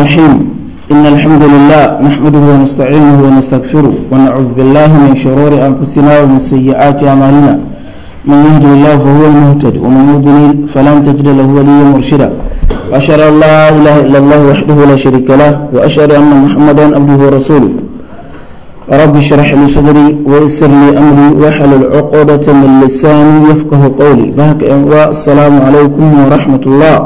الرحيم إن الحمد لله نحمده ونستعينه ونستغفره ونعوذ بالله من شرور أنفسنا ومن سيئات أعمالنا من يهد الله فهو المهتد ومن يضلل فلن تجد له وليا مرشدا وأشهد أن لا إله إلا الله وحده لا شريك له وأشهد أن محمدا عبده ورسوله رب اشرح لي صدري ويسر لي أمري واحلل عقدة من لساني يفقه قولي بهك عليكم ورحمة الله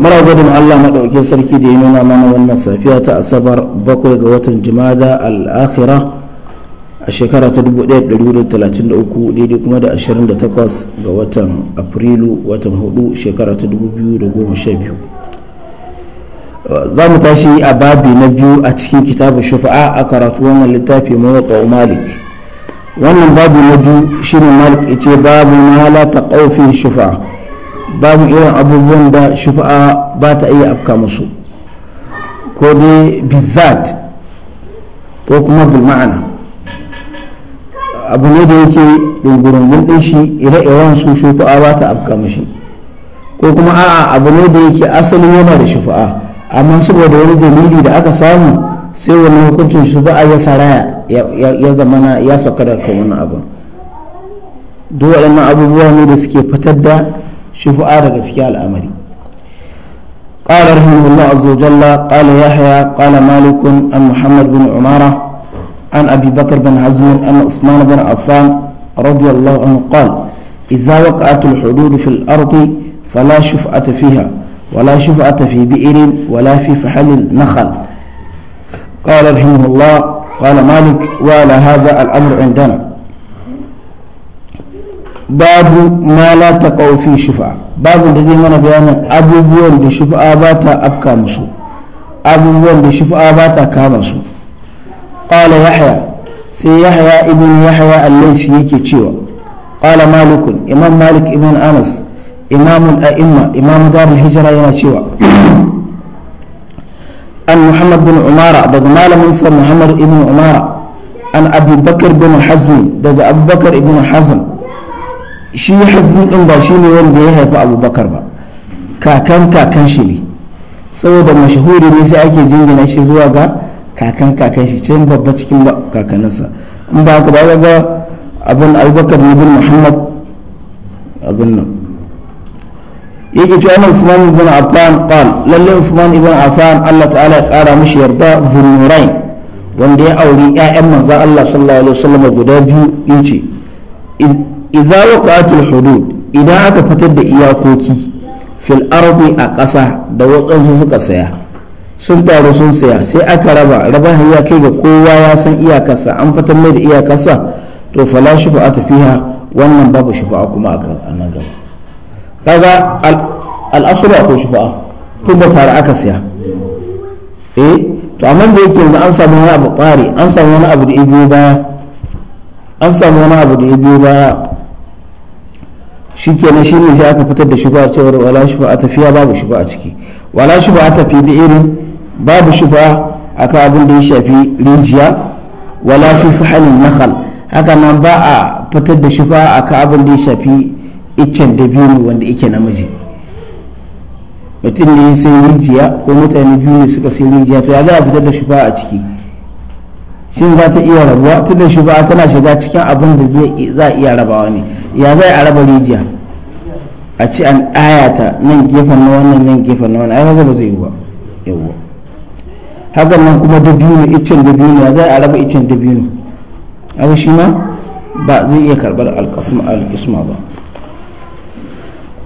mara gudun Allah maɗaukin sarki da ya nuna mana wannan safiya ta asabar bakwai ga watan jimada al'akhira a shekara ta 1933 daidai kuma da 28 ga watan afrilu watan hudu shekara ta 2012 za mu tashi a babi na biyu a cikin kitabu shufa'a a karatu wannan littafi mawaƙa malik wannan babu na biyu shirin malik ya ce babu na halata ƙaufin shufa'a babu irin abubuwan da shufa'a ba ta iya afka musu ko dai bizzat ko kuma bil ma'ana abu ne da yake dungurungun din shi ire-iren su shufa'a ba ta afka mushi ko kuma a'a abu ne da yake asalin yana da shufa'a amma saboda wani dalili da aka samu sai wani hukuncin shufa'a ya saraya ya zamana ya sauka daga wannan abu duk waɗannan abubuwa ne da suke fitar da شفاء رجسك الأمر قال رحمه الله عز وجل قال يحيى قال مالك عن محمد بن عمارة عن أبي بكر بن حزم أن عثمان بن عفان رضي الله عنه قال إذا وقعت الحدود في الأرض فلا شفعة فيها ولا شفعة في بئر ولا في فحل النخل قال رحمه الله قال مالك وعلى هذا الأمر عندنا babu ma la taqaw fi shufa babu da zai mana bayanin abubuwan da shufa ba ta afka musu abubuwan da shufa ba ta kama su qala yahya sai yahya ibn yahya al-laythi yake cewa qala malik imam malik ibn anas imam al-a'imma imam dar al-hijra yana cewa an muhammad bin umara daga malamin sa muhammad ibn umara an abubakar bin hazm daga abubakar ibn hazm shi hazmi din ba shi ne wanda ya haifi abubakar ba kakan kakan shi ne saboda mashahuri ne sai ake jingina shi zuwa ga kakan kakan shi can babba cikin kakaninsa in ba ka ba ga abin abubakar ne bin muhammad abin nan yake cewa na usman ibn affan qal lalle usman ibn affan Allah ta'ala ya kara mishi yarda zunurai wanda ya auri ƴaƴan manzon Allah sallallahu alaihi wasallam guda biyu yace idza waqatul hudud idan aka fitar da iyakoki fil ardi a ƙasa da waɗansu suka saya sun taru sun saya sai aka raba raba ya kai ga kowa ya san iyakarsa an fitar mai da iyakarsa to fala ta fiha wannan babu shufa'a kuma a nan gaba kaga al'asuru akwai shufa'a tun da tare aka saya eh to amma da yake yanzu an samu wani abu ƙari an samu wani abu da ibiyo baya an samu wani abu da ibiyo baya shi kenan shi ne aka fitar da a cewar wala ba a tafiya babu ba a ciki wala ba a tafi da irin babu ba a ka abin da ya shafi rijiya wala fi fahalin nakal haka nan ba a fitar da ba a ka abin da ya shafi iccen da biyu wanda yake namiji mutum ne sai rijiya ko mutane biyu ne suka sai rijiya to ya za a fitar da ba a ciki shin za ta iya rabuwa tunda ba tana shiga cikin abin da za a iya rabawa ne ya zai a raba rijiya a ci an ayata nan gefen na wannan nan gefen na wannan ai haka ba zai yi ba yawwa nan kuma da biyu ne iccen da biyu ne zai a raba iccen da biyu ne haka shi ma ba zai iya akan alƙisma ba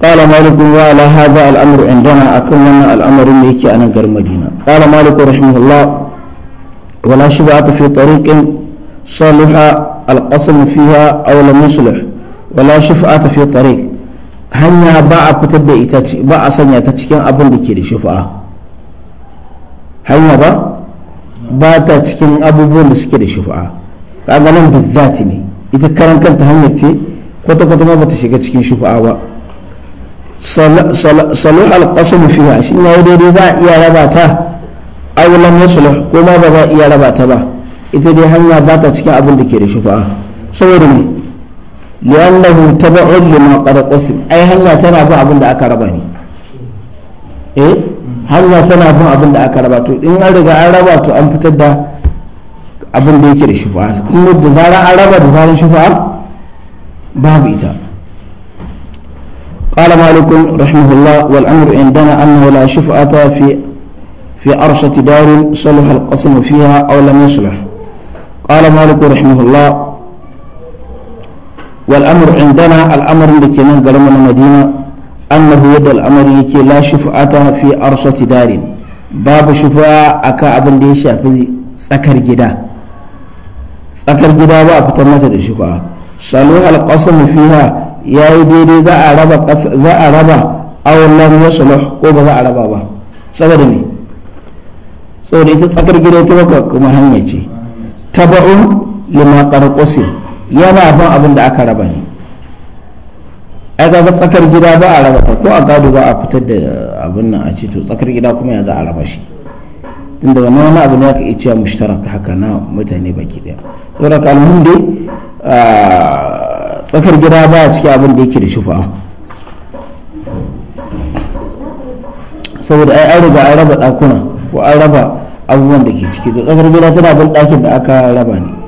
قال مالك وعلى هذا الأمر عندنا أكملنا الأمر ميكي أنا غير مدينة قال مالك رحمه الله ولا شبعة في طريق صلح القسم فيها لم يصلح wala shufa'ata fi tariq hanya ba a fitar da ita ba a sanya ta cikin abin da ke da shufa'a hanya ba ba ta cikin abubuwan da suke da shufa'a kaga nan bizzati ne ita karan kanta hanyar ce kwata kwata ma bata shiga cikin shufa'a ba saluh alqasam fiha shi ne dai ba iya raba ta aw lam yuslih ko ma ba iya raba ta ba ita dai hanya ba ta cikin abin da ke da shufa'a saboda me li'annahu tab'un lima qad qasim ai hanya tana bin abin da aka raba ne eh hanya tana bin abin da aka raba to in an riga an raba to an fitar da abin da yake da shufa in da zara an raba da zaran shufa babu ita قال مالك رحمه الله والأمر عندنا أنه لا شفعة في في أرشة دار صلح القسم فيها أو لم يصلح قال مالك رحمه الله والأمر عندنا الأمر التي ننقلم من مدينة أنه يد الأمر التي لا شفعة في أرصة دار باب شفاء أكا أبن ديشا في سكر جدا سكر جدا وأبتمت الشفاء صلوها القسم فيها يا يديدي ذا أربا ذا أربا أو لم يصلح قوب ذا أربا با سبرني سوري تسكر جدا تبقى كما هنجي تبعون لما قد قسم yana bin abin da aka raba ne ai ga tsakar gida ba a raba ta ko a gado ba a fitar da abin nan a ce to tsakar gida kuma yanzu a raba shi tunda wani wani abu ne aka iya cewa mushtaraka haka na mutane baki daya saboda kalmun dai tsakar gida ba a cikin abin da yake da shufa saboda ai an riga an raba dakuna ko an raba abubuwan da ke ciki to tsakar gida tana bin dakin da aka raba ne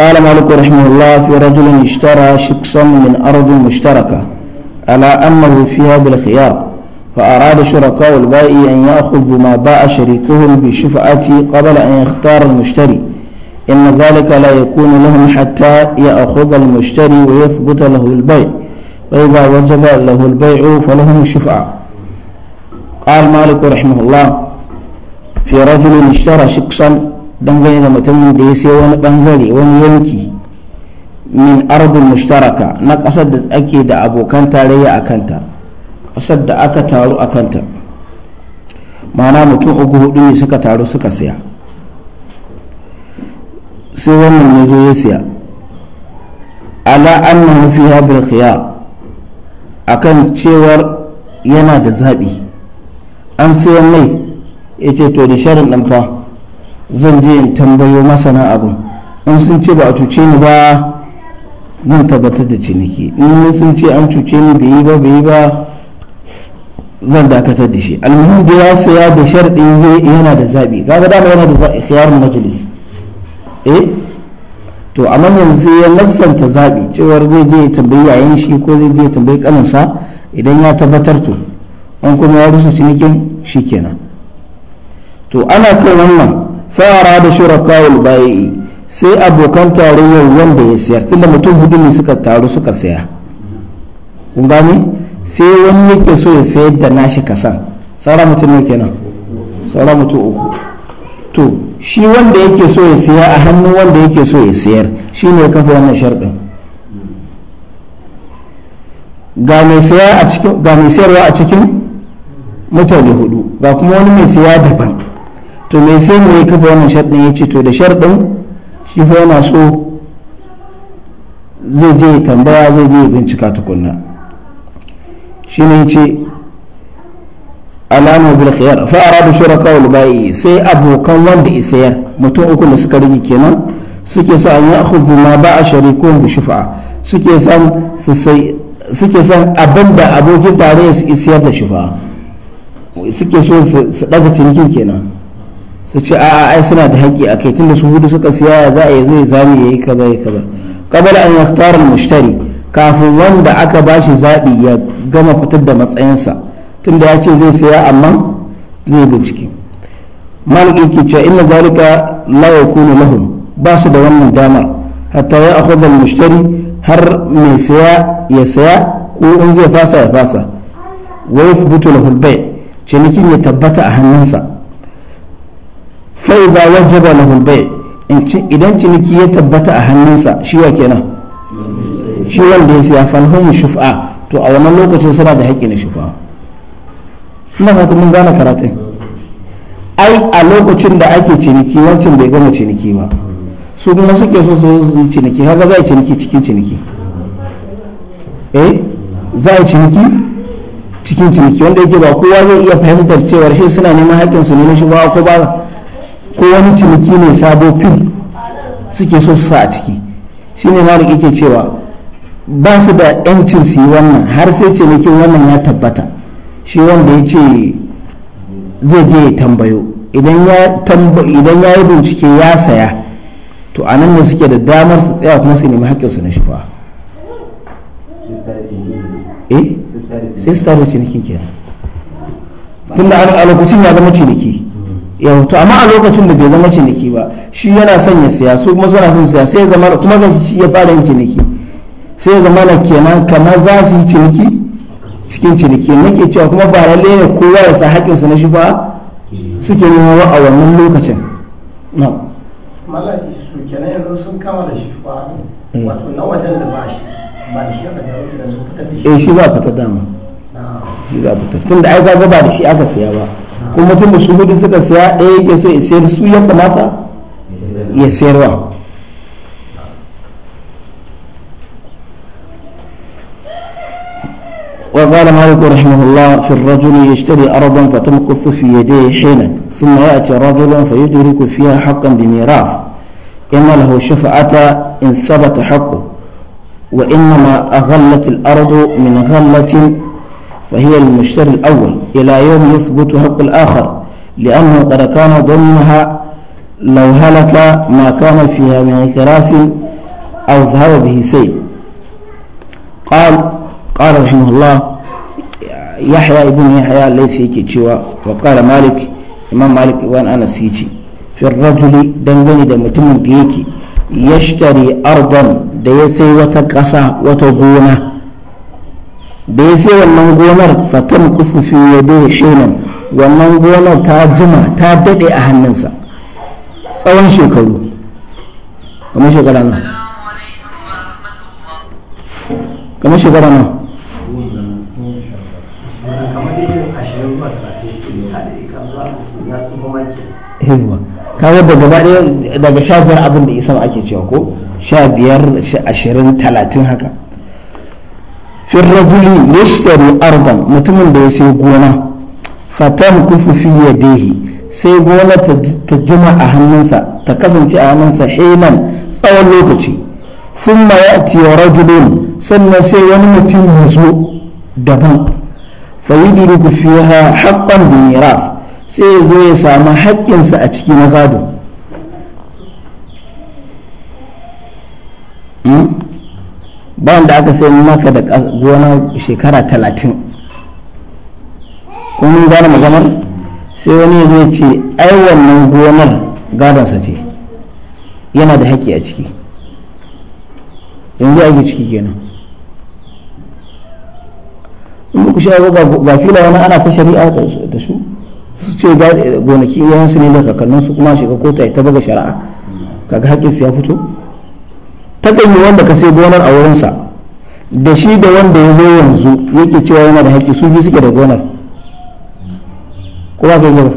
قال مالك رحمه الله في رجل اشترى شقصا من أرض مشتركة على أنه فيها بالخيار فأراد شركاء البائع أن يأخذوا ما باع شريكهم بشفعة قبل أن يختار المشتري إن ذلك لا يكون لهم حتى يأخذ المشتري ويثبت له البيع وإذا وجب له البيع فلهم الشفعة قال مالك رحمه الله في رجل اشترى شقصا dangane da mutumin da ya sai wani bangare wani yanki min ardun mushtaraka na ƙasar da ake da abokan tarayya a kanta ƙasar da aka taru a kanta ma'ana mutum uku hudu ne suka taru suka siya sai wannan ya zo ya siya ala annahu fiha bil khiyar akan cewar yana da zaɓi an sayan mai ya ce to da sharin ɗan fa zan je in tambayo masana abin in sun ce ba a cuce ni ba zan tabbatar da ciniki in sun ce an cuce ni bai yi ba bai yi ba zan dakatar da shi almuhim da ya saya da sharɗin zai yana da zaɓi kaga dama yana da khiyarun majalis eh to amma yanzu ya lassanta zaɓi cewar zai je ya tambayi yayin shi ko zai je ya tambayi kaninsa idan ya tabbatar to an kuma ya rusa cinikin shi kenan to ana kan wannan fara da shurakawul bayi sai abokan tarayyar wanda ya sayar tunda mutum hudu ne suka taru suka saya kun gane sai wani yake so ya sayar da nashi kasan saura mutum ne kenan saura mutum uku to shi wanda yake so ya saya a hannun wanda yake so ya sayar shi ne kafa wannan sharɗin ga mai sayarwa a cikin mutane hudu ga kuma wani mai saya daban to me sai mu yi kafa wannan sharɗin ya ce to da sharɗin shi fa yana so zai je tambaya zai je bincika tukunna shi ne ce alamu bil khiyar fa aradu shuraka wal bai sai abokan wanda isayar mutum uku da suka rige kenan suke so an ya khudhu ma ba'a sharikun bi shufa'a suke san su sai suke san abinda abokin tare su isayar da shufa'a suke so su daga cinikin kenan su ce a'a ai suna da haƙƙi a kai tunda su hudu suka siya za a yi zai zami ya yi kaza ya kaza kabala an yaktar mushtari kafin wanda aka bashi zaɓi ya gama fitar da matsayinsa tunda ya ce zai siya amma zai bincike malik yake cewa inna zalika la yakunu lahum ba su da wannan damar hatta ya akhudha mushtari har mai saya ya saya ko in zai fasa ya fasa wa yathbutu lahu al-bay cinikin ya tabbata a hannunsa faiza wajaba lahul bai idan ciniki ya tabbata a hannunsa shi wa kenan shi wanda ya siya falhum shuf'a to a wannan lokacin suna da haƙƙi na shuf'a ina fata mun gane karatun ai a lokacin da ake ciniki wancan bai gama ciniki ba su kuma suke so su yi ciniki haka za a ciniki cikin ciniki eh za a ciniki cikin ciniki wanda yake ba kowa zai iya fahimtar cewar shi suna neman haƙƙinsu ne na shuf'a ko ba ko wani ciniki ne sabo fil suke so su sa a ciki shine malik yake cewa ba su da yancin su yi wannan har sai cinikin wannan ya tabbata shi wanda ya ce zai je ya tambayo idan ya yi bincike ya saya to a nan ne suke da damar su tsaya kuma su nemi haƙƙinsu na shifa eh? sai su tare cinikin kenan tun da a lokacin ya zama ciniki yau to amma a lokacin da bai zama ciniki ba shi yana son ya siya su kuma suna son siya sai zama kuma ga shi ya fara yin ciniki sai ya zama kenan kamar za su yi ciniki cikin ciniki nake cewa kuma ba lalle ne kowa ya sa haƙƙin na shi ba suke nemo a wannan lokacin na malaki su kenan yanzu sun kama da shi ba wato na wajen da ba shi ba da shi aka samu da su fitar da shi eh shi ba fitar dama za tunda ai kaga ba da shi aka ba kuma tun da su suka ɗaya eh, so ya sayar su ya kamata ya وقال مالك رحمه الله في الرجل يشتري أرضا فتمكث في يديه حينا ثم يأتي رجلا فيدرك فيها حقا بميراث إن له شفعة إن ثبت حقه وإنما أغلت الأرض من غلة فهي للمشتري الأول إلى يوم يثبت حق الآخر لأنه قد كان ضمنها لو هلك ما كان فيها من كراس أو ذهب به سيل قال قال رحمه الله يحيى ابن يحيى ليس يكي وقال مالك إمام مالك وأن أنا سيتي في الرجل دنجني دمتم كيكي يشتري أرضا ديسي يسي وتبونه bai sai wannan gonar fatan kufu fi yadda hinan wannan gonar ta jima ta daɗe a hannunsa tsawon shekaru kamar shekara na kamar shekara na kaga da gaba daya daga sha biyar abin da isa ake cewa ko sha biyar ashirin talatin haka fi rajuli yashtari ardan mutumin da ya sai gona fatan kufu fi yadihi sai gona ta jima a hannunsa ta kasance a hannunsa hinan tsawon lokaci thumma wa rajulun sannan sai wani mutum ya zo daban fa yudriku fiha haqqan da mirath sai ya zo ya samu haƙƙinsa a ciki na gado hmm? ba wanda aka sai maka da gona shekara talatin kuma gane maganar sai wani zai ce ai wannan gonar gadonsa ce yana da haƙƙi a ciki yanzu ake ciki kenan in ku sha ga fila wani ana ta shari'a da su su ce gonaki yawansu ne da kakanninsu kuma shiga kota ta baga shari'a kaga haƙƙinsu ya fito takan yi wanda ka sai gonar a wurinsa da shi da wanda ya zo yanzu yake cewa yana da haƙƙi su biyu suke da gonar kuma ka yi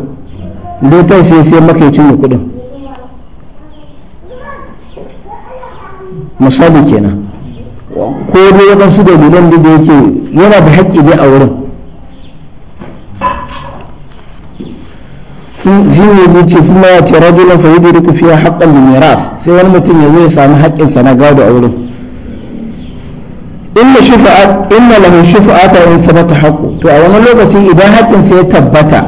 dai ta sai sai maka ya cinye kuɗin misali kenan ko dai waɗansu dalilan da yake yana da haƙƙi ne a wurin zai wuce kuma ya ce rajula fa yudriku fiha haqqan min miraf sai wani mutum ya zai sami haƙƙinsa na gado a wurin inna shufa'at inna lahu shufa'ata in sabata haqqu to a wani lokaci idan haƙƙinsa ya tabbata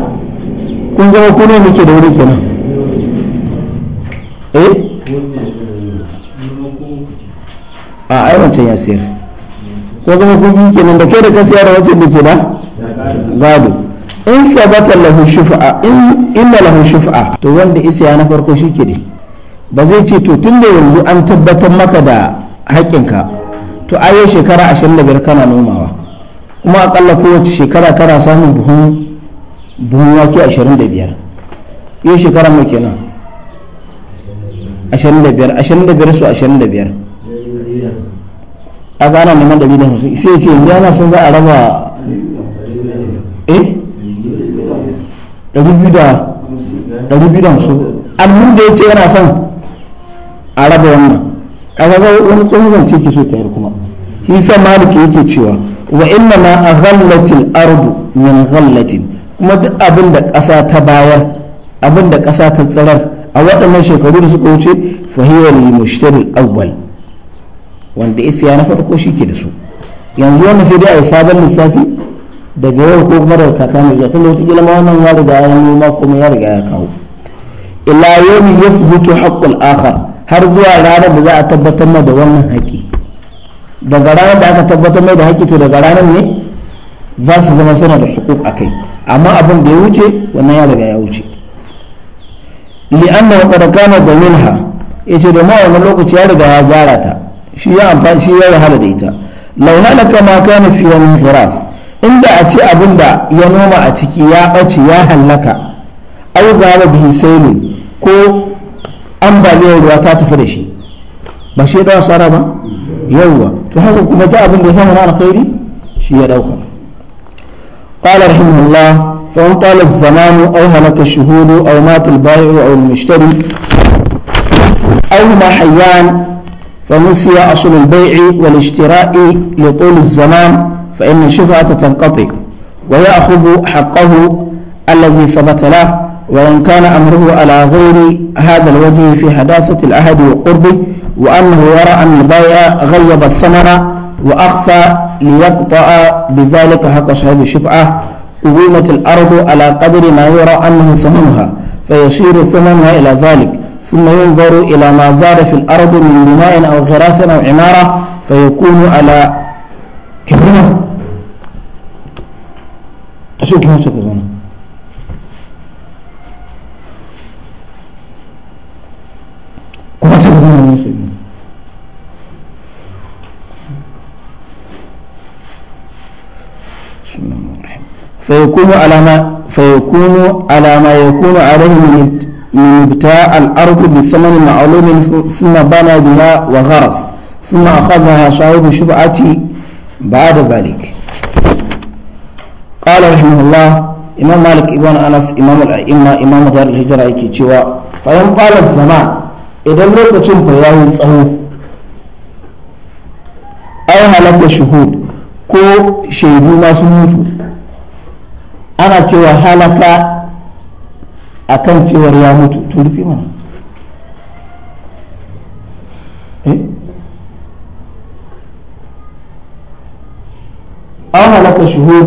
kun zama ku ne muke da wurin kenan eh a ai wancan ya sayar ko zama ku biyu kenan da kai da ka sayar da wancan da ke da gado in sabata lahu shufa'a in inna lahu shufa'a to wanda isa ya na farko shi ke ba zai ce to tunda yanzu an tabbatar maka da haƙƙinka to ayo shekara ashirin da biyar kana nomawa kuma akalla kowace shekara kana samun buhun buhun wake ashirin da biyar yau shekara mai kenan ashirin da biyar ashirin da biyar su ashirin da biyar a gana neman da biyu da hamsin sai ce yanzu ana son za a raba eh 250 annun da ya ce yana son a raba wannan a ga wani tsohon ce ke so ta yi kuma nisa sa maliki yake cewa wa inna ma a ghallatil ardu min ghallatin kuma duk abin da ƙasa ta bayar abin da ƙasa ta tsirar a waɗannan shekaru da suka wuce fahiyar mushtari awwal wanda ya na farko shi ke da su yanzu wani sai dai a yi sabon lissafi daga yau ko kuma daga kaka mai da wata kila ma wannan ya riga ya yi kuma ya riga ya kawo ila yawmi yathbutu haqqul akhar har zuwa ranar da za a tabbatar mai da wannan haƙi daga ranar da aka tabbatar mai da haƙi to daga ranar ne za su zama suna da hukuk a kai amma abin da ya wuce wannan ya riga ya wuce li'anna wa qad kana daminha yace da ma wannan lokaci ya riga ya gyara ta shi ya amfani shi ya wahala da ita law halaka ma kana fi yawmin hiras inda a ce abin da ya noma a ciki ya ɓace ya hallaka au zaba bihi sailin ko ambaliyar ruwa ta tafi da shi ba shi da dawa sara ba yawwa to haka kuma ta abin da ya samu na alkhairi shi ya dauka qala rahimahullah fa in qala az-zaman aw halaka ash-shuhud aw mata al-ba'i' aw al-mushtari aw ma hayyan فنسي أصل البيع والاشتراء لطول الزمان فإن الشفعة تنقطع ويأخذ حقه الذي ثبت له وإن كان أمره على غير هذا الوجه في حداثة الأهد وقربه وأنه يرى أن البائع غيب الثمن وأخفى ليقطع بذلك حق صاحب الشفعة قومت الأرض على قدر ما يرى أنه ثمنها فيشير ثمنها إلى ذلك ثم ينظر إلى ما زار في الأرض من بناء أو غراس أو عمارة فيكون على فيكون على ما فيكون على ما يكون عليه من من ابتاع الأرض بثمن معلوم ثم بنى بها وغرس ثم أخذها صاحب شبعتي بعد ذلك قال رحمه الله إمام مالك ابن أنس إمام الأئمة إمام دار الهجرة يكي فإن قال الزمان إذا لوك تشوف يا يسأو أي هلك شهود كو شهدو ما سموتو أنا تشوى هلك أكن تشوى يا تولي في مانا an halaka shuhur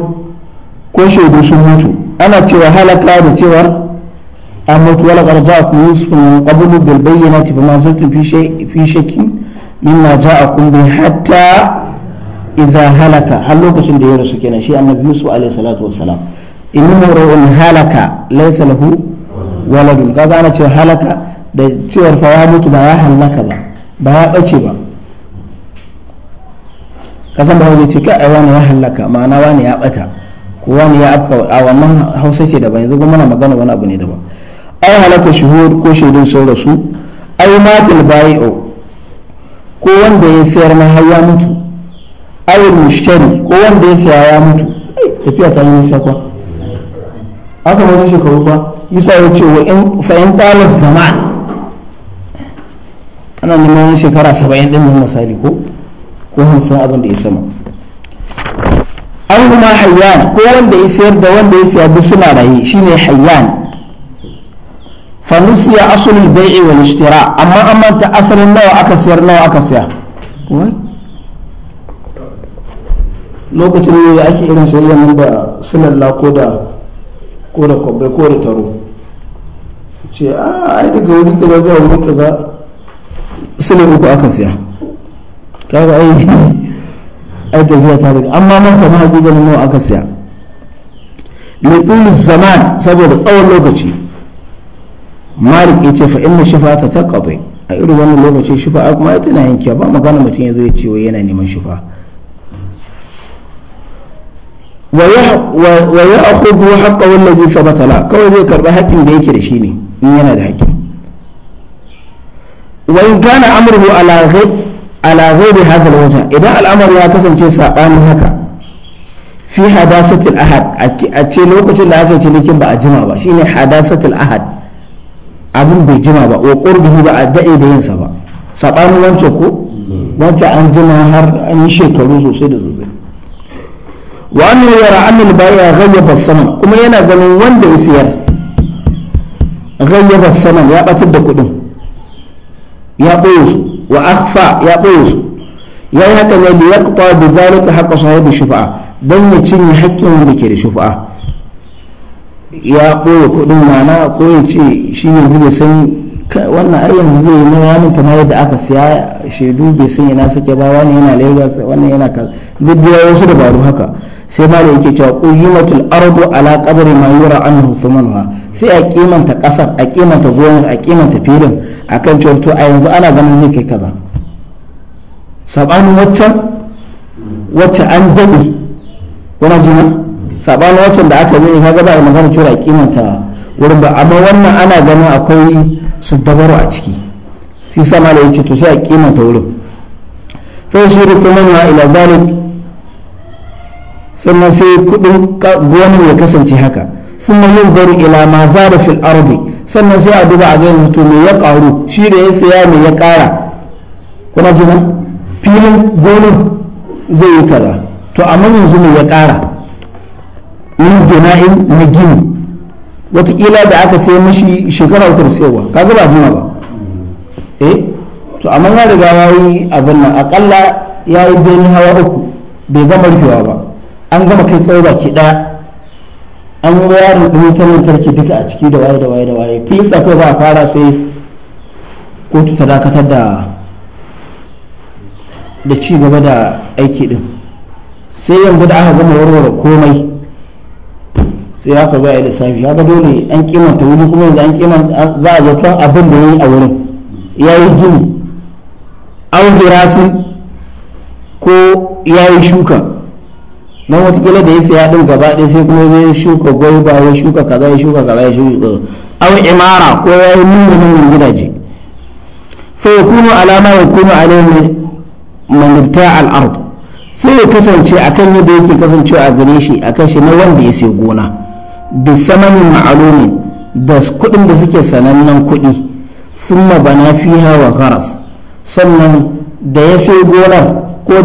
ko shaidu sun mutu ana cewa halaka da cewa an mutu wala garza ku yusufu min qablu bil bayyinati fa ma zaltum fi shay fi shakki mimma ja'akum bi hatta idza halaka har lokacin da ya rasu kenan shi annabi yusuf alaihi salatu wassalam innahu ra'un halaka laysa lahu waladun kaga ana cewa halaka da cewar fa ya mutu ba ya halaka ba ba ya bace ba kasan ba wani ce ka ai wani ya halaka ma'ana wani ya bata ko wani ya afka a wannan hausa ce daban yanzu mana magana wani abu ne daban ai halaka shuhur ko shaidun sun rasu ai matil bai'u ko wanda ya sayar na har ya mutu ai mushtari ko wanda ya saya ya mutu tafiya ta yi nisa kwa aka wani shekaru kwa yasa ya ce wa in fa'in talar zama ana neman shekara saba'in din nan misali ko ko hamsin abin da ya sama an kuma hayyan ko wanda ya sayar da wanda ya siya duk suna raye shine hayyan fa nusiya asulul bai'i wal ishtira amma an manta asalin nawa aka sayar nawa aka siya lokacin da ake irin sayayya nan da la ko da ko da kwabbai ko da taro ce a ah, ai daga wuri kaza zuwa wuri kaza silin uku aka siya kaga ai ai tafiya ta daga amma man kama hakikalin nawa aka siya litul zaman saboda tsawon lokaci malik ya ce fa inna ta taqdi a irin wannan lokaci shifa'a kuma tana yanke ba magana mutum ya zo ya ce wai yana neman shifa'a wa ya akhudhu haqqa wallazi thabata la kawai zai karba haƙin da yake da shi ne in yana da haƙi wa in kana amruhu ala ala ghairi hadha alwajh idan al'amari ya kasance sabanin haka fi hadasatil ahad a ce lokacin da aka ce likin ba a jima ba shine hadasatil ahad abin bai jima ba wa qurbihi ba a dade da yinsa ba sabanin wancan ko wancan an jima har an yi shekaru sosai da sosai wa annu yara annal baya ghayyaba saman kuma yana ganin wanda ya siyar ghayyaba saman ya batar da kuɗin ya ɓoye su wa akhfa ya ɓoye su ya yi haka ne ya kuta da zalika haka da shufa'a dan ya cinye haƙƙin wanda ke da shufa'a ya ɓoye kuɗin mana ko ya ce shi yanzu san wannan ai yanzu zai yi nawa kamar yadda aka siya shaidu bai san yana sake ba wani yana lagos wannan yana kal duk da wasu dabaru haka sai ma da yake cewa quyimatul ardu ala qadri ma yura anhu famanha sai a kimanta kasar a kimanta gonar a kimanta filin a kan cewa to a yanzu ana ganin zai kai kaza sabani waccan wacce an daɗe wani jina sabani waccan da aka zai kaga ba a magana cewa a kimanta wurin ba amma wannan ana ganin akwai su dabaro a ciki sai sama da yake to sai a kimanta wurin fai shi manuwa ila zalik sannan sai kudin gonar ya kasance haka Kuma ma yin zaru ila ma zara fil ardi sannan sai a duba a gani to me ya karu shi da ya saya me ya kara kuna jina filin gonar zai yi kaza to amma yanzu me ya kara min gina'in na gini watakila da aka sai mashi shekara uku da sayarwa kaga ba ba eh to amma ya riga ya yi abin nan akalla ya yi bene hawa uku bai gama rufewa ba an gama kai tsawo baki ɗaya an da ɗin ta lantarki duka a ciki da waye da waye da waye fi kawai ba a fara sai kotu ta dakatar da da ci gaba da aiki din sai yanzu da aka gama warware komai sai aka ga ya haka dole an kimanta wuri kuma yanzu an kimanta za a zaka abin da yayi a wurin yayi gini an firasin ko yayi shuka nan watakila da ya saya din gaba ɗaya sai kuma zai shuka gwaiba ya shuka kaza ya shuka kaza ya shuka au imara ko ya yi nuna manyan gidaje fa kuma alama kuma alaihi manubta sai ya kasance a kan yadda yake kasancewa a gare shi kan shi na wanda ya sai gona da samanin ma'alumin da kuɗin da suke sanannen kuɗi sun bana fiha wa haras sannan da ya sai gonar